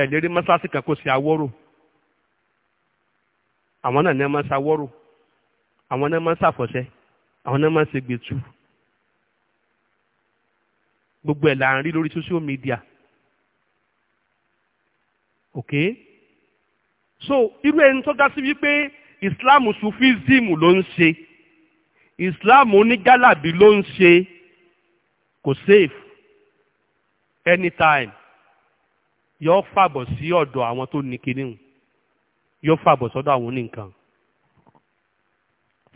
ẹ̀ lè rí mọ́ṣáláṣí kan kó ṣe awọ́rò àwọn náà ní ẹ máa ń ṣawọ́rò àwọn náà máa ń ṣàfọ̀ṣẹ́ àwọn náà máa ń ṣe gbẹ̀tù gbogbo ẹ̀ là ń rí lórí social media ok so irú ẹni tó dá sí wípé Islam sufism ló ń ṣe Islam onígálàbí ló ń ṣe kò safe anytime yóò fàbọ̀ sí ọ̀dọ̀ àwọn tó ní kinní hùn yóò fàbọ̀ sọ́dọ̀ àwọn oníkan.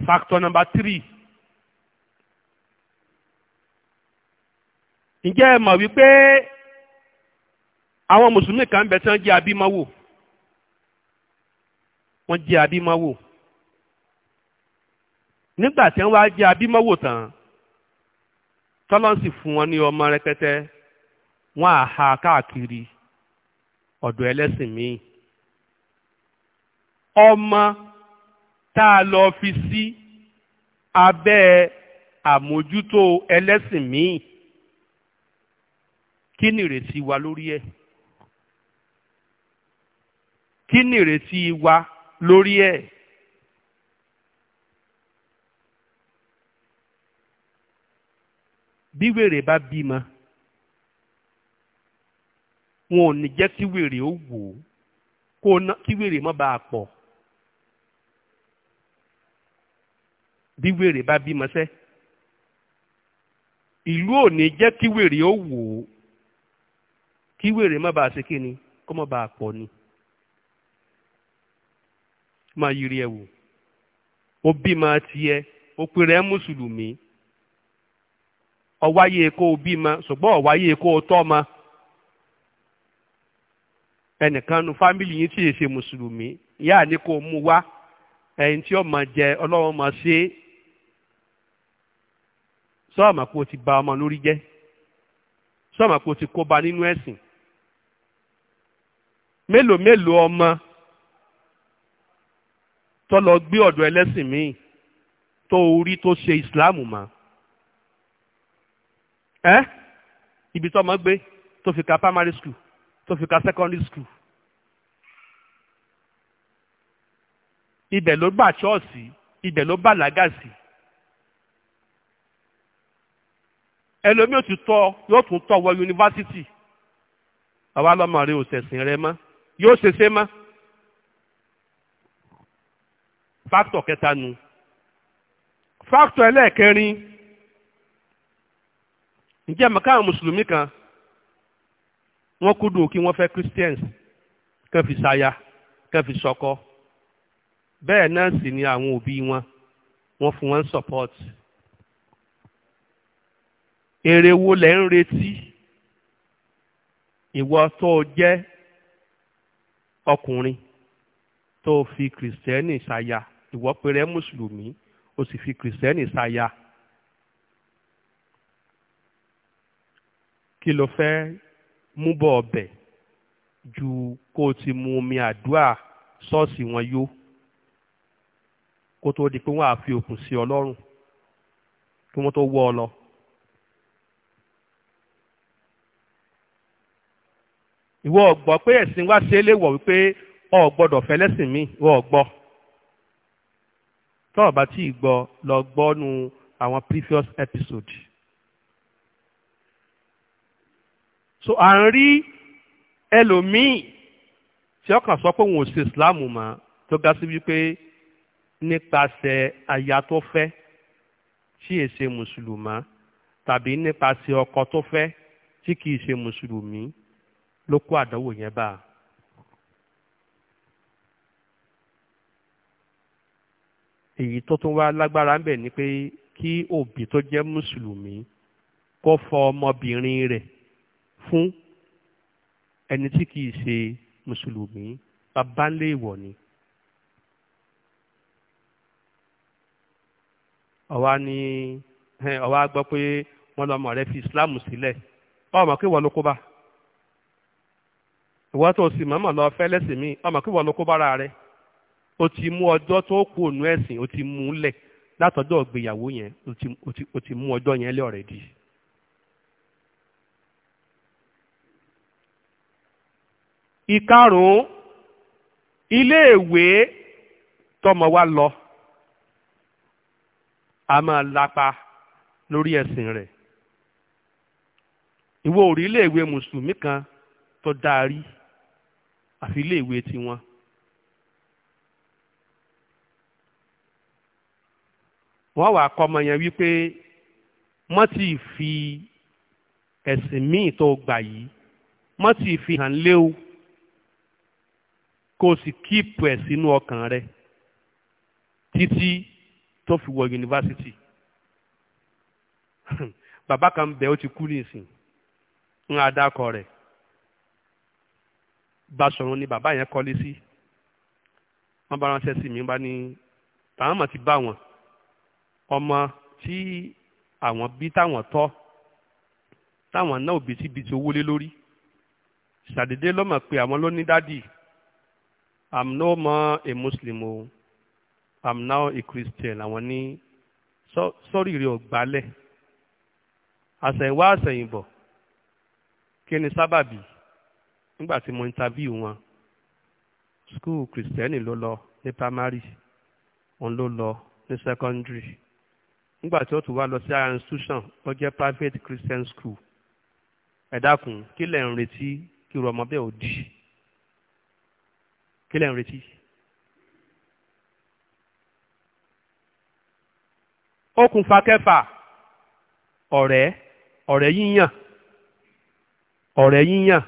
factor number three. ǹjẹ́ ẹ mọ̀ wípé àwọn mùsùlùmí kan bẹ̀ tí wọ́n jẹ́ abímọ́wò wọ́n jẹ́ abímọ́wò nígbà tí wọ́n wá jẹ́ abímọ́wò tán tọ́lọ́sì fún wọn ní ọmọ rẹpẹtẹ wọ́n á káàkiri ọ̀dọ̀ ẹlẹ́sìn míì ọmọ tá a lọ fi sí abẹ́ àmójútó ẹlẹ́sìn míì kí ni ìrètí wa lórí ẹ̀ kí ni ìrètí wa lórí ẹ̀. bí wèrè bá bímọ. wọn ò ní jẹ́ kí wèrè ó wò ó kó ná kí wèrè má bàa pọ̀ bí wèrè bá bímọ sẹ́ ìlú ò ní jẹ́ kí wèrè ó ni kó má bàa pọ̀ ni yiri ẹ wò ó bímọ tiẹ̀ ó pèrè ẹ́ mùsùlùmí ọwáyé kó o bímọ ṣùgbọ́n ọwáyé kó o tọ́ ma. ẹnìkan nu fámìlì yín tí èsè mùsùlùmí yáà ní kó mú wá ẹyin tí ọmọ jẹ ọlọ́wọ́n mọ̀ sí sọ́ọ̀mà kó ti bà ọmọ lórí jẹ́ sọ́ọ̀mà kó ti kóba nínú ẹ̀sìn mélòó mélòó ọmọ tó lọ gbé ọ̀dọ̀ ẹlẹ́sìn míì tó orí tó ṣe ìsìláàmù mọ́ ẹ́ ibi tó ọmọ gbé tó fi ka primary school tó fi ka secondary school ibẹ̀ ló gbà ṣọ́ọ̀ṣì ibẹ̀ ló bàlágà sí ẹlòmíì ti tọ yóò tún tọ wọ yunifásitì àwa lọmọ rẹ ò ṣẹ̀sìn rẹ mọ́ yóò ṣeṣe mọ́ fáktọ̀ kẹta nu fáktọ̀ ẹlẹ́ẹ̀kẹrin ǹjẹ́ mọ̀ká àwọn mùsùlùmí kan wọ́n kúndùn kí wọ́n fẹ́ Christians kán fi ṣaya kán fi ṣọkọ bẹ́ẹ̀ náà sì ni àwọn òbí wọn wọ́n fún wọn support èrè wo lẹ̀ ń retí ìwọ tó o jẹ́ ọkùnrin tó o fi kìrìsìtẹ́nì ṣaya ìwọ péré mùsùlùmí o sì fi kìrìsìtẹ́nì ṣaya kí lo fẹ́ mú bọ̀ ọbẹ̀ ju kó o ti mu omi àdúrà ṣọ́ọ̀ṣì wọn yó kó tó di pé wọ́n á fi òkun sí ọ lọ́rùn kí wọ́n tó wọ́ ọ lọ. ìwọ ọ̀gbọ́ pé ẹ̀sìn wá sí eléwọ̀ wípé o gbọ́dọ̀ fẹ́ lẹ́sìn ìwọ ọ̀gbọ́ tọ́ọ̀ tí ì gbọ́ lọ gbọ́ nu àwọn previous episode. so à ń rí ẹlòmíì tí ọkàn sọ pé òun ò ṣe islam mọ́ tó ga sí wípé nípasẹ̀ aya tó fẹ́ tí è ṣe mùsùlùmá tàbí nípasẹ̀ ọkọ tó fẹ́ tí kì í ṣe mùsùlùmí ló kó àdánwò yẹn bá a. èyí tó tún wá lágbára ń bẹ̀ ni pé kí òbí tó jẹ́ mùsùlùmí kó fọ ọmọbìnrin rẹ̀ fún ẹni tí kìí ṣe mùsùlùmí babalẹ̀ ìwọ̀ ni. ọ̀wá ni ọ̀wá gbọ́ pé wọ́n lọ́mọ rẹ fi islam sílẹ̀ ọmọ kí wọ́n ló kó bá ìwọ́n tó sì mọ́mọ́ lọ fẹ́ lẹ́sìn mi ọmọ kí wọ́n ló kó bára rẹ o ti mú ọjọ́ tó kú ònú ẹ̀sìn o ti mú lẹ̀ látọjọ́ ìgbéyàwó yẹn o ti mú ọjọ́ yẹn lé ọ̀rẹ́dì. ìkarùn-ún iléèwé tọmọ wa lọ a máa lapa lórí ẹ̀sìn rẹ̀ ìwọ ò rí iléèwé mùsùlùmí kan tó dáa rí àfi iléèwé tiwọn. wọ́n wàá kọ́ ọmọ yẹn wípé mọ́ ti fi ẹ̀sìn míì tó gbà yìí mọ́ ti fi hàn léwu kó o sì kíìpù ẹ̀ sínú ọkàn rẹ títí tó fi wọ yunifásitì bàbá kan bẹ̀ ó ti kú nísìn ń adákọ rẹ̀ Báṣọ̀run ni bàbá yẹn kọ́lé sí wọ́n bá ránṣẹ́ sí mi bá ní bàmà ti bá wọn ọmọ tí àwọn bí táwọn tọ́ táwọn náà òbí síbi tí owó lé lórí ṣàdédé lọ́mọ̀ pé àwọn ló ní dádì i'm no more a muslim i'm now a christian àwọn ní sọ́rí rí ọ̀gbálẹ̀ àṣẹ̀wá àṣẹ̀yìnbọ̀ kí ni sábàbí nígbà tí mo interview wọn school kristẹni ló lọ ní primary òun ló lọ ní secondary nígbà tí ó tún wá lọ sí ara institution ó jẹ́ private christian school ẹ dákun kí lẹ̀ ń retí kí irú ọmọ bẹ́ẹ̀ ò dì í. kílẹ̀ ń retí. okùnfà kẹfà ọrẹ ọ̀rẹ́ yíyàn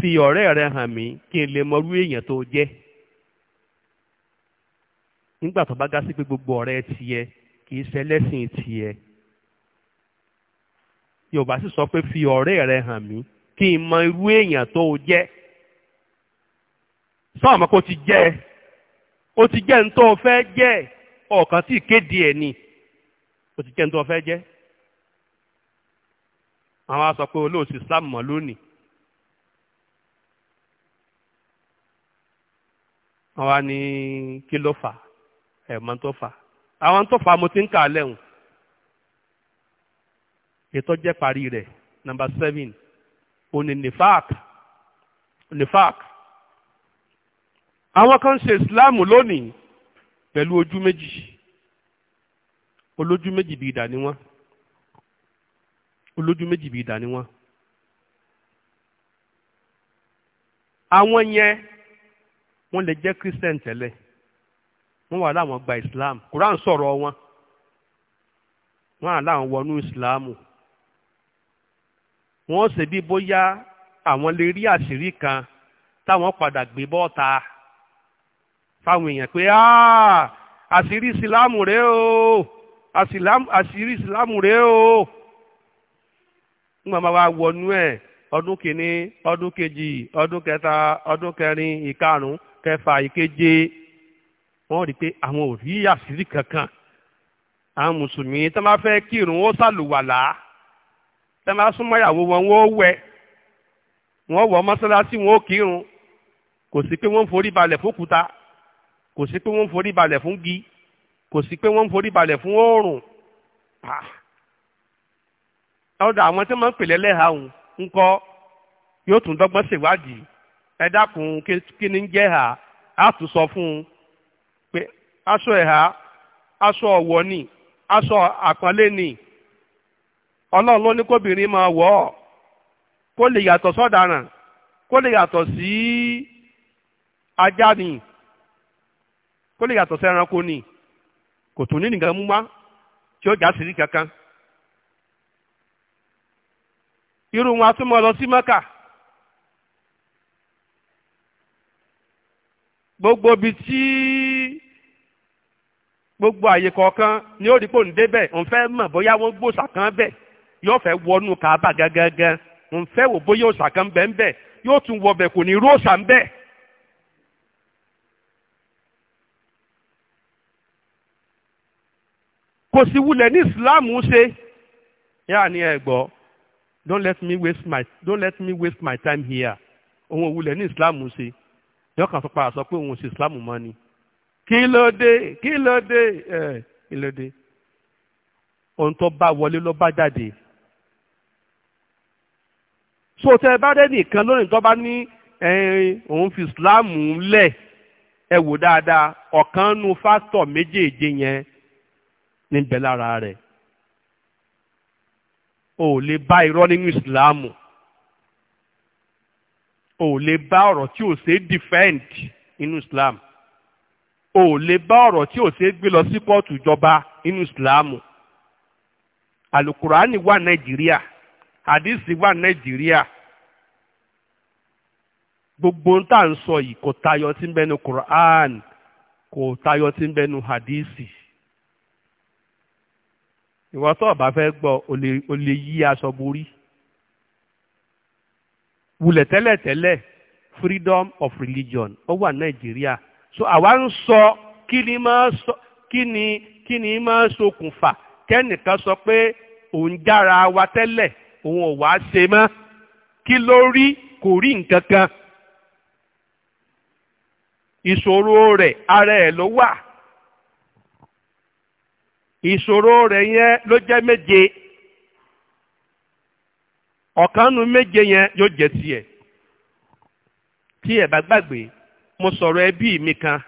fi ọrẹ rẹ hàn mí kí n lè mọrú èèyàn tó jẹ. nígbà tó bá pé gbogbo ọrẹ tiẹ kì í ṣẹlẹ́sìn tiẹ yorùbá sì sọ pé fi ọrẹ rẹ hàn mí kí n mọ irú èèyàn tó o jẹ́ sọ́ọ̀mọ́ ti jẹ́ o ti jẹ́ ń tó o fẹ́ jẹ́ ọ̀kan tí kéde ẹ̀ ni o ti jẹ́ ń tó o fẹ́ jẹ́ àwọn aṣọ pé olóòsì Islam mọ̀ lónìí àwa ni kí ló fà ẹ̀ mọ́ tó fà àwọn tó fà mo ti ń kà á lẹ́hùn ètò jẹ́ parí rẹ̀ number seven òní nifak nifak àwọn kan ṣe islam lónìí pẹ̀lú ojú méjì olójú méjì bí idà ni olójú méjì bí idà ni àwọn yẹn wọ́n lè jẹ́ christian tẹ́lẹ̀ wọ́n wà láwọn gba islam quran sọ̀rọ̀ wọn wọ́n à láwọn wọnú islam wọ́n ṣe bí bóyá àwọn lè rí àṣírí kan táwọn padà gbé bọ́ta fáwọn èèyàn pé àṣírí ìsìlámù rèé o àṣírí ìsìlámù rèé o nígbà máa wá wọnú ẹ̀ ọdún kìíní ọdún kejì ọdún kẹta ọdún kẹrin ìkarùn kẹfà ìkeje wọ́n rí pé àwọn ò rí àṣírí kankan àwọn mùsùlùmí tó máa fẹ́ kírun ó sàlùwàlà. tẹ́ máa súnmọ́ ìyàwó wọn wọ́n wẹ̀ wọ́n wọ̀ mọ́sálásí wọn kírun kò sí pé wọn ń forí balẹ̀ fókúta kò sí pé wọn ń forí balẹ̀ fún gi kò sí pé wọn ń forí fún oòrùn ah. àwọn tí wọ́n ń pèlè lẹ́hà ń yóò tún dọ́gbọ́n ṣèwádìí ẹ dákun kí ni ń jẹ́ á tún sọ fún un pé aṣọ aṣọ ọlọ́run ló ní kóbìnrin máa wọ̀ ọ́ kó lè yàtọ̀ sọ́daràn kó lè yàtọ̀ sí ajá ni kó lè yàtọ̀ sí ẹranko ni kò tún ní nìkan mú tí ó sí rí kankan. irú wọn lọ sí mọ́kà. gbogbo ibi tí gbogbo àyè kọ̀ọ̀kan ni ó pò ń débẹ̀ òun fẹ́ yóò fẹ́ wọnú kaaba gangan ń wò bóyá òòṣà kan bẹ́ẹ̀ bẹ́ẹ̀ yóò tún wọ bẹ̀ kò ní irú òòṣà bẹ́ẹ̀. kò sí wulẹ̀ ní islam ṣe yáà ní ẹ gbọ́ don't let me waste my don't let me waste my time here òun òwulẹ̀ ní islam ṣe yóò kàn tó padà sọ pé òun ò sí islam mọ́ ni kí ló dé kí ló dé ẹ kí ló dé ohun tó bá wọlé ló bá jáde so tẹ bá dẹ́ nìkan lónìí tó bá ní òun fi Islam lẹ̀ ẹ wò dáadáa ọ̀kan nu fásitọ̀ méjèèje yẹn níbẹ̀ lára rẹ̀ o ò lè bá irọ́ nínú Islam o ò lè bá ọ̀rọ̀ tí ò ṣe defend nínú Islam o ò lè bá ọ̀rọ̀ tí ò ṣe gbé lọ sí kóòtù ìjọba nínú Islam alukurani wà Nàìjíríà. àdìsí wà nàìjíríà gbogbo ń tà ń sọ yìí kò tayọ tí ń bẹnu Quran kò tayọ tí ń bẹnu hadisi ìwọ tó bá fẹ́ o lè yí aṣọ borí wulẹ̀ tẹ́lẹ̀tẹ́lẹ̀ freedom of religion ó wà nàìjíríà so àwa ń sọ kí ni máa sọ pe ni máa kẹ́nìkan sọ pé òun jára wa tẹ́lẹ̀ òun ò wá ṣe mọ́ kí ló rí kò rí nǹkan kan ìṣòro rẹ̀ ara ẹ̀ ló wà ìṣòro rẹ̀ yẹn ló jẹ́ méje ọ̀kan nu méje yẹn yóò jẹ́ tiẹ̀ tí ẹ̀ bá gbàgbé mo sọ̀rọ̀ ẹbí mi kan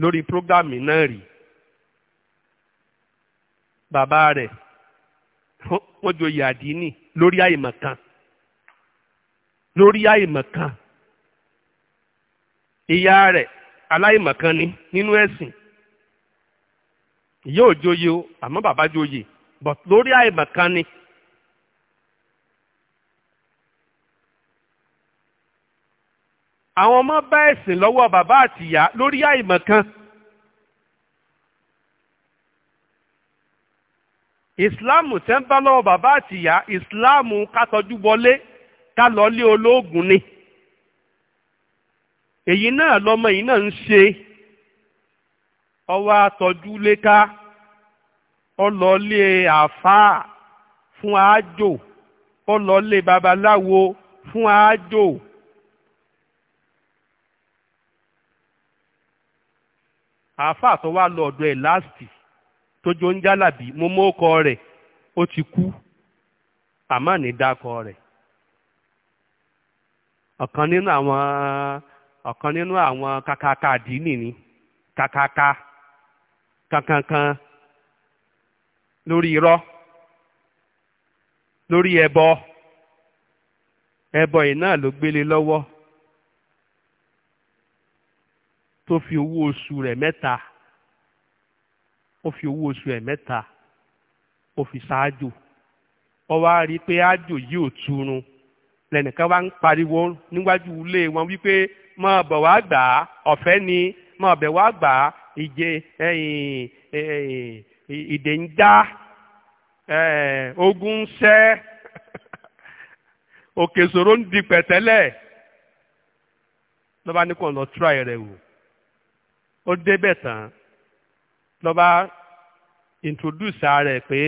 lórí prógámì náà rí bàbá rẹ̀ wọ́n joyè àdínì lórí àìmọ̀ kan lórí àìmọ̀ kan ìyá rẹ̀ aláìmọ̀ kan ni nínú ẹ̀sìn ìyá ò o àmọ́ bàbá joyè but lórí àìmọ̀ kan ni. àwọn ọmọ bá ẹ̀sìn lọ́wọ́ bàbá àtìyá lórí àìmọ̀ kan. ìsìláàmù tẹ́ ń bá lọ́wọ́ bàbá àtìyá ìsìláàmù kátọ́jú wọlé ká lọ lé olóògùn ni èyí náà lọ́mọ yìí náà ń ṣe ọwọ́ àtọ́jú léka ọlọ́lé àfáà fún àájò ọlọ́lé babaláwo fún àájò. àfáà tó wá lọ ọ̀dọ̀ ẹ̀ láàsì tó jó ń jálàbí mo mọ ọkọ rẹ̀ ó ti kú àmọ́ ní dákọ rẹ ọ̀kan nínú àwọn ọ̀kan nínú àwọn kàkàkà àdínì ni kàkàkà kankankan lórí irọ́ lórí ẹbọ ẹbọ yìí náà ló gbélé lọwọ tó fi owó oṣù rẹ mẹta ó fi owó oṣù ẹ̀ mẹ́ta ó fi ṣáájò ó wá rí i pé ájò yìí ò túrun lẹ́nìkan wá ń pariwo níwájú ilé wọn wípé mọ ọbẹ̀ wá gbà á ọ̀fẹ́ ni mọ ọbẹ̀ wá gbà á ìje ìdè ń dá ogun ń ṣẹ́ òkè ìṣòro ń di pẹ̀tẹ́lẹ̀ lọ́ba ní kò lọ tíra rẹ̀ wò ó débẹ̀ tán ló introduce ara ẹ̀ pé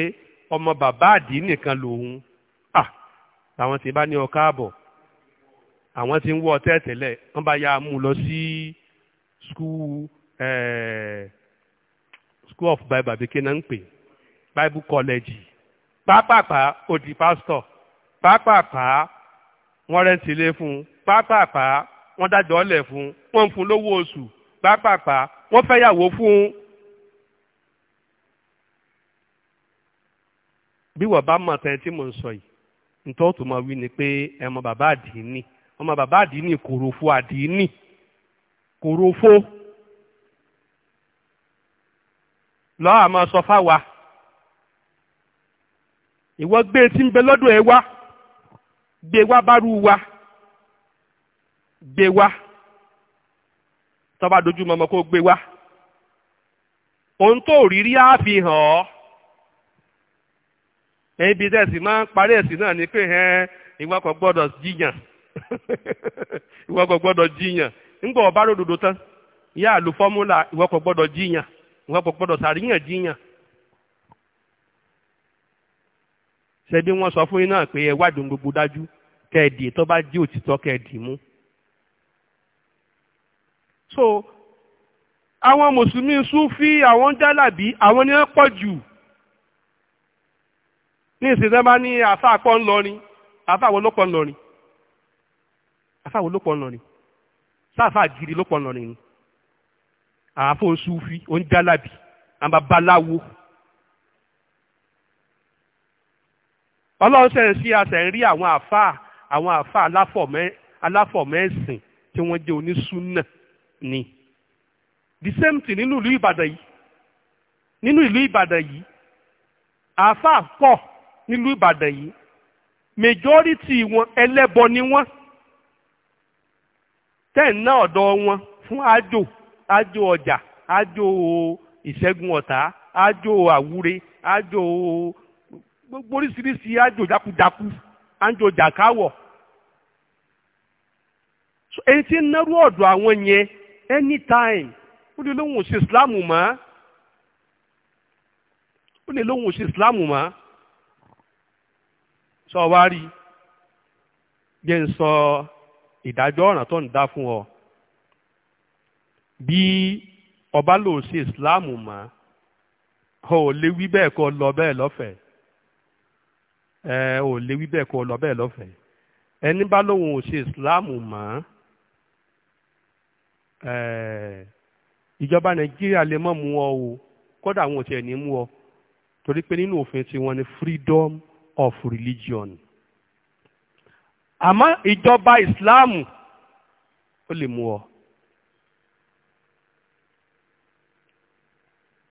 ọmọ bàbá àdí nìkan lòun ah àwọn ti bá ní ọkọ àbọ̀ àwọn tí ń wọ tẹ́tẹ̀lẹ̀ wọ́n bá yá mú lọ sí school school of bible àbíké náà ń pè bible college pápápá ó di pastor. pápápá wọ́n rẹ́ǹtì ilé fún un pápápá wọ́n dájọ́ ọ̀lẹ̀ fún un wọ́n ń fún un lówó oṣù pápápá wọ́n fẹ́yàwó fún un. bí wọ́n bá mọ̀ tán tí mò ń sọ yìí nítorí tó máa wí ni pé ẹmọ bàbá àdìní ọmọ bàbá àdìní kòròfo àdìní kòròfo lọ́wọ́ àmọ́ sọ fáwa ìwọ gbé tí ń bẹ lọ́dọ̀ ẹ wá gbé wá bárú wa gbé wá tọ́ba dojú mọ́mọ́ kó gbé wá ohun tó rírí á fi hàn ọ́. ebi tẹ̀sí máa ń parí ẹ̀sìn náà ni pé ẹ ìwọ gbọ́dọ̀ jiyàn ìwọ gbọ́dọ̀ jiyàn ńgbọ́ ọba ròdòdó tán yá àlù fọ́múlà ìwọ gbọ́dọ̀ jiyàn ìwọ gbọ́dọ̀ sọ fún yín náà pé ẹ wádùn gbogbo dájú kẹ́ẹ̀dì tó bá so àwọn mùsùlùmí àwọn jálàbí àwọn ni wọ́n pọ̀ jù. ní ìsìn tẹ́ bá ní àfa àpọ̀ ńlọrin àfa àwọn olópọ̀ ńlọrin àfa àwọn olópọ̀ ńlọrin sáàfà gidi lópọ̀ ńlọrin ni àáfò sufi oúnjálàbí àbábaláwo ọlọ́run sẹ̀ ń sí àṣẹ ń rí àwọn àfa àwọn àfa aláfọ̀mẹ́sìn tí wọ́n jẹ́ onísúnà ni the same thing nínú ìlú Ìbàdàn yìí nínú ìlú Ìbàdàn yìí àáfà pọ̀ nílùú ìbàdàn yìí majority wọn ẹlẹ́bọ ni wọ́n tẹ́ẹ̀ ná ọ̀dọ̀ wọn fún àjò àjò ọjà àjò ìṣẹ́gun ọ̀tá àjò àwúre àjò gbogbo oríṣiríṣi àjò jákujáku àjò jàkáwọ̀ èyí tí ń nárú ọ̀dọ̀ àwọn yẹn anytime ó lè lóhùn sí islam mọ́ ó lè lóhùn sí islam mọ́ sọ wá rí jẹ́ ń sọ ìdájọ́ ọ̀ràn tó ń dá fún ọ bí ọba lò sí ìsìláàmù mọ́ ọ ò lè wí bẹ́ẹ̀ kọ́ lọ bẹ́ẹ̀ lọ́fẹ̀ẹ́ ẹ ò lè wí bẹ́ẹ̀ kọ́ lọ bẹ́ẹ̀ lọ́fẹ̀ẹ́ ẹni bá lóun ò ṣe ìsìláàmù mọ́ ìjọba nàìjíríà lè mọ́ mú ọ o kódà àwọn ò tiẹ̀ ní mú ọ torí pé nínú òfin tiwọn ni freedom of religion àmọ́ ìjọba ìsìláàmù ó lè mú ọ.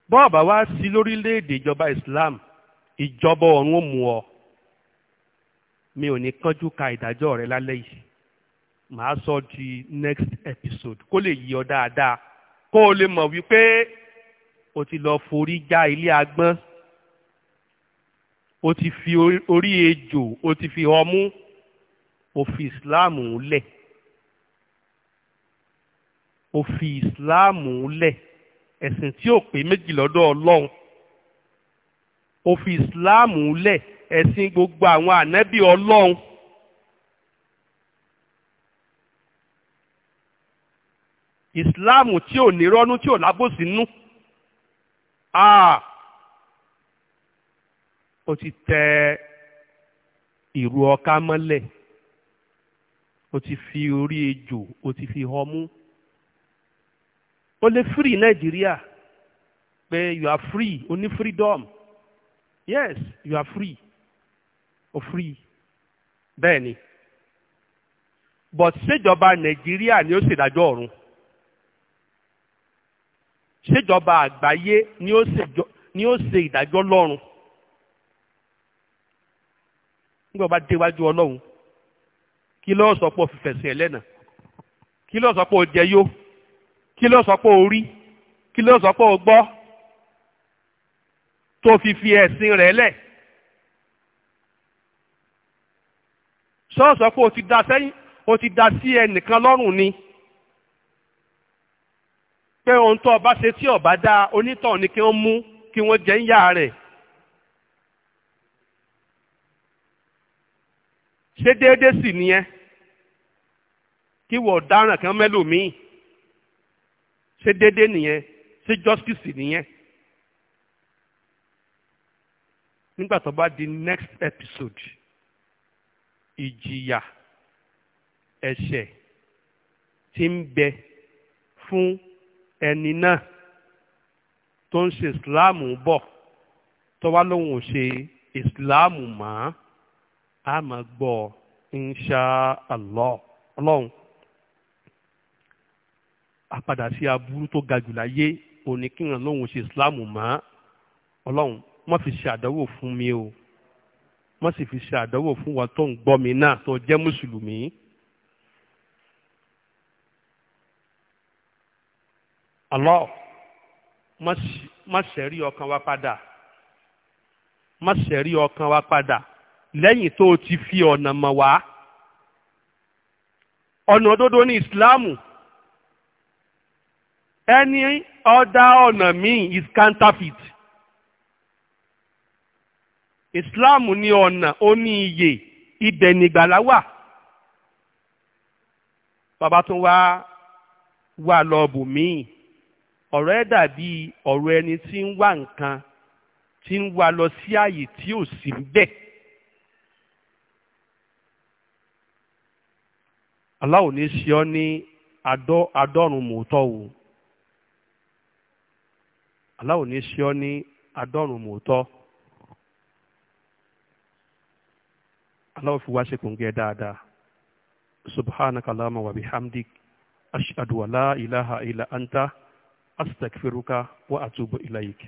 bọ́ọ̀bà wá sí lórílẹ̀‐èdè ìjọba islam ìjọba ọ̀run ó mú ọ mi ò ní kánjú ka ìdájọ́ rẹ lálẹ́ yìí màá sọ di next episode kó lè yí ọ dáadáa kó o lè mọ̀ wípé o ti lọ forí já ilé agbọ́n o ti fi orí ejò o ti fi ọmú o fi ìsìláàmù lẹ̀ o fi ìsìláàmù lẹ̀ ẹ̀sìn tí ò pé méjì lọ́dọ̀ ọlọ́run o fi ìsìláàmù lẹ̀ ẹ̀sìn gbogbo àwọn ànábì ọlọ́run. ìsìláàmù tí ò ní rọ́nú tí ò lábòsínú. Ah ó ti tẹ ìrù ọká mọ́lẹ̀ ó ti fi orí ejò ó ti fi họmú ó lè free nàìjíríà pé you are free o ní freedom yes you are free o free bẹ́ẹ̀ ni but ṣèjọba nàìjíríà ni ó ṣèdájọ́ ọ̀run ṣèjọba àgbáyé ni ó ṣe ìdájọ́ lọ́run nígbà bá déwájú ọlọ́run kí lọ́ọ̀ sọ pé o fìfẹ̀ sí ẹlẹ́nà kí lọ́ọ̀ sọ pé o jẹ yó kí lọ́ọ̀ sọ pé o rí kí lọ́ọ̀ sọ pé o gbọ́ tó fi fi ẹ̀sìn rẹ̀ lẹ̀. sọ́ọ̀sọ́ o ti da sẹ́yìn o ti da sí ẹnìkan lọ́rùn ni pé ohun tó o bá ṣe tí o bá dáa onítàn ni kí wọ́n mú kí wọ́n jẹ́ ń yá rẹ̀. ṣé déédéé sì nìyẹn kí wọ́n ọ̀daràn kan mẹ́lòmíì ṣé déédéé nìyẹn ṣé justice nìyẹn. nígbà tó bá di next episode ìjìyà ẹ̀ṣẹ̀ tí ń bẹ fún ẹni náà tó ń ṣe ìsìláàmù bọ̀ tó wá lóun ò ṣe ìsìláàmù mọ́ a máa gbọ́ ọ insha allah ọlọ́run àpadà sí aburú tó ga jù láyé òní kí hàn lóhùn ṣe ìsìláàmù mọ́ ọlọ́run má fi ṣe àdánwò fún mi o má sì fi ṣe àdánwò fún wa tó ń gbọ́ mi náà tó jẹ́ mùsùlùmí. Allah má ṣẹ̀rí ọkàn wa padà má ṣẹ̀rí ọkàn wa padà lẹ́yìn tó o ti fi ọ̀nà mọ̀ wá ọ̀nà òdodo ní ìsìláàmù any other ọ̀nà míì is counterfeit ìsìláàmù ní ọ̀nà ó ní iye ibẹ̀ nìgbàlá wà bàbá tún wá wà lọ́ọ̀bù míì ọ̀rọ̀ ẹ̀ dàbí ọ̀rọ̀ ẹni tí ń wá nǹkan tí ń wá lọ sí àyè tí ò sí bẹ́ẹ̀. Allah ò ní ṣe ọ́ ní adọ́rùn mòótọ́ o Allah ò ní ṣe ọ́ ní adọ́rùn mòótọ́ Allah ò fi wá ṣe kòǹgẹ́ dáadáa subhanaka allahumma wa bihamdik ashhadu an la ilaha illa anta astaghfiruka wa atubu ilayk